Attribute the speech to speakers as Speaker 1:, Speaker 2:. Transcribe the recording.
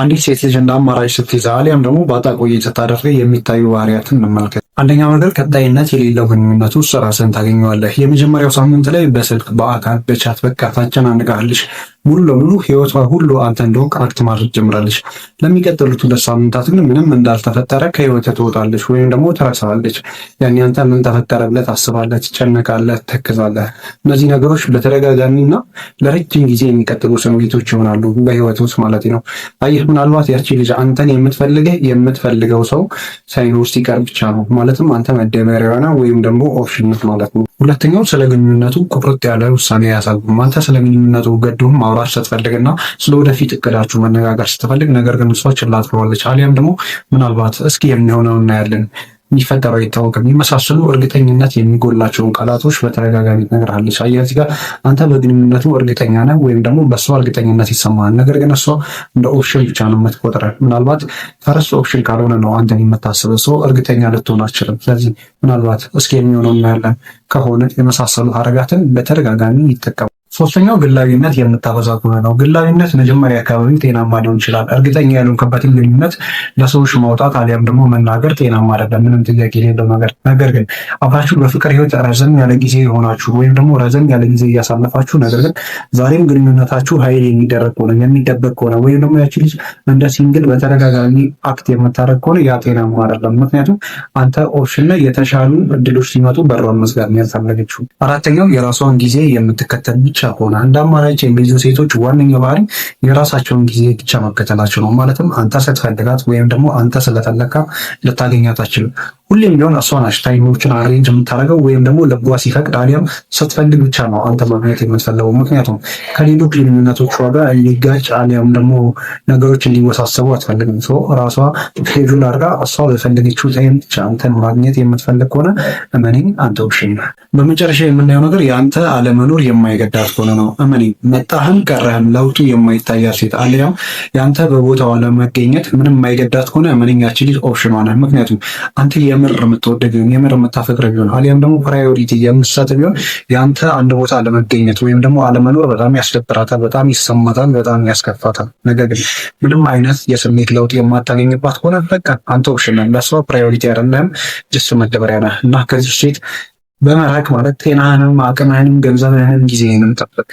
Speaker 1: አንዲት ሴት ልጅ እንደ አማራጭ ስትይዛ አሊያም ደግሞ ባጣ ቆየት ስታደርግ የሚታዩ ባህሪያትን እንመልከት። አንደኛው ነገር ቀጣይነት የሌለው ግንኙነት ውስጥ ራስን ታገኘዋለህ። የመጀመሪያው ሳምንት ላይ በስልክ በአካል በቻት በቃ ታጨናንቃለች። ሙሉ ለሙሉ ህይወቷ ሁሉ አንተ እንደሆንክ አክት ማድረግ ጀምራለች። ለሚቀጥሉት ሁለት ሳምንታት ግን ምንም እንዳልተፈጠረ ከህይወት ትወጣለች ወይም ደግሞ ትረሳለች። ያን ያንተ ምን ተፈጠረ ብለህ ታስባለህ፣ ትጨነቃለህ፣ ትተክዛለህ። እነዚህ ነገሮች በተደጋጋሚና ለረጅም ጊዜ የሚቀጥሉ ስሜቶች ይሆናሉ በህይወት ውስጥ ማለት ነው። አየህ ምናልባት ያቺ ልጅ አንተን የምትፈልገህ የምትፈልገው ሰው ሳይኖር ሲቀር ብቻ ነው። ማለትም አንተ መደመሪያ ወይም ደግሞ ኦፕሽን ማለት ነው። ሁለተኛው ስለ ግንኙነቱ ቁርጥ ያለ ውሳኔ ያሳዩ። አንተ ስለ ግንኙነቱ ገድሁም ማውራት ስትፈልግና ስለ ወደፊት እቅዳችሁ መነጋገር ስትፈልግ፣ ነገር ግን እሷ ችላ ትለዋለች። አሊያም ደግሞ ምናልባት እስኪ የሚሆነው እናያለን የሚፈጠረው አይታወቅም። የሚመሳሰሉ እርግጠኝነት የሚጎላቸውን ቃላቶች በተደጋጋሚ ትነግርሃለች። አየህ እዚህ ጋር አንተ በግንኙነቱ እርግጠኛ ነህ ወይም ደግሞ በእሷ እርግጠኝነት ይሰማሃል። ነገር ግን እሷ እንደ ኦፕሽን ብቻ ነው የምትቆጥረ። ምናልባት ፈርስት ኦፕሽን ካልሆነ ነው አንተ የምታስበው ሰው እርግጠኛ ልትሆን አችልም። ስለዚህ ምናልባት እስኪ የሚሆነው እናያለን ከሆነ የመሳሰሉ አረጋትን በተደጋጋሚ ይጠቀማል። ሶስተኛው ግላዊነት የምታበዛ ከሆነ ነው። ግላዊነት መጀመሪያ አካባቢ ጤናማ ሊሆን ይችላል። እርግጠኛ ያልሆንክበትን ግንኙነት ለሰዎች ማውጣት አሊያም ደግሞ መናገር ጤናማ አይደለም፣ ምንም ጥያቄ የሌለው ነገር። ነገር ግን አብራችሁ በፍቅር ህይወት ረዘም ያለ ጊዜ የሆናችሁ ወይም ደግሞ ረዘም ያለ ጊዜ እያሳለፋችሁ ነገር ግን ዛሬም ግንኙነታችሁ ሀይል የሚደረግ ከሆነ የሚደበቅ ከሆነ ወይም ደግሞ ያቺ ልጅ እንደ ሲንግል በተደጋጋሚ አክት የምታደረግ ከሆነ ያ ጤናማ አይደለም። ምክንያቱም አንተ ኦፕሽን ላይ የተሻሉ እድሎች ሲመጡ በሯን መዝጋት ያልፈለገችው። አራተኛው የራሷን ጊዜ የምትከተል ብቻ ከሆነ እንደ አማራጭ የሚይዙ ሴቶች ዋነኛው ባህሪ የራሳቸውን ጊዜ ብቻ መከተላቸው ነው። ማለትም አንተ ስትፈልጋት ወይም ደግሞ አንተ ስለጠለቃ ልታገኛት አችልም። ሁሌም ቢሆን እሷ ናች ታይሞችን አሬንጅ የምታደርገው ወይም ደግሞ ልቧ ሲፈቅድ አሊያም ስትፈልግ ብቻ ነው አንተ ማግኘት የምትፈለገው። ምክንያቱም ከሌሎች ግንኙነቶች ዋጋ ሊጋጭ አሊያም ደግሞ ነገሮች እንዲወሳሰቡ አትፈልግም። ሰው ራሷ ሄጁል አድርጋ እሷ በፈለገችው ታይም ብቻ አንተን ማግኘት የምትፈልግ ከሆነ እመኔ አንተ ውሽኝ በመጨረሻ የምናየው ነገር የአንተ አለመኖር የማይገዳት ከሆነ ነው። እመኔ መጣህም ቀረህም ለውጡ የማይታያት ሴት አሊያም የአንተ በቦታው አለመገኘት ምንም የማይገዳት ከሆነ እመኔ ያቺ ልጅ ኦፕሽኗ ምክንያቱም አንተ የምር የምትወደድ ቢሆን የምር የምታፈቅር ቢሆን አሊያም ደግሞ ፕራዮሪቲ የምትሰጥ ቢሆን የአንተ አንድ ቦታ አለመገኘት ወይም ደግሞ አለመኖር በጣም ያስደብራታል፣ በጣም ይሰማታል፣ በጣም ያስከፋታል። ነገር ግን ምንም አይነት የስሜት ለውጥ የማታገኝባት ከሆነ በቃ አንተ ኦፕሽን ነህ፣ ለእሷ ፕራዮሪቲ አይደለም፣ ጅስ መደበሪያ ነህ እና ከዚህ ሴት በመራቅ ማለት ጤናህንም አቅምህንም ገንዘብህንም ጊዜህንም ጠብቅ።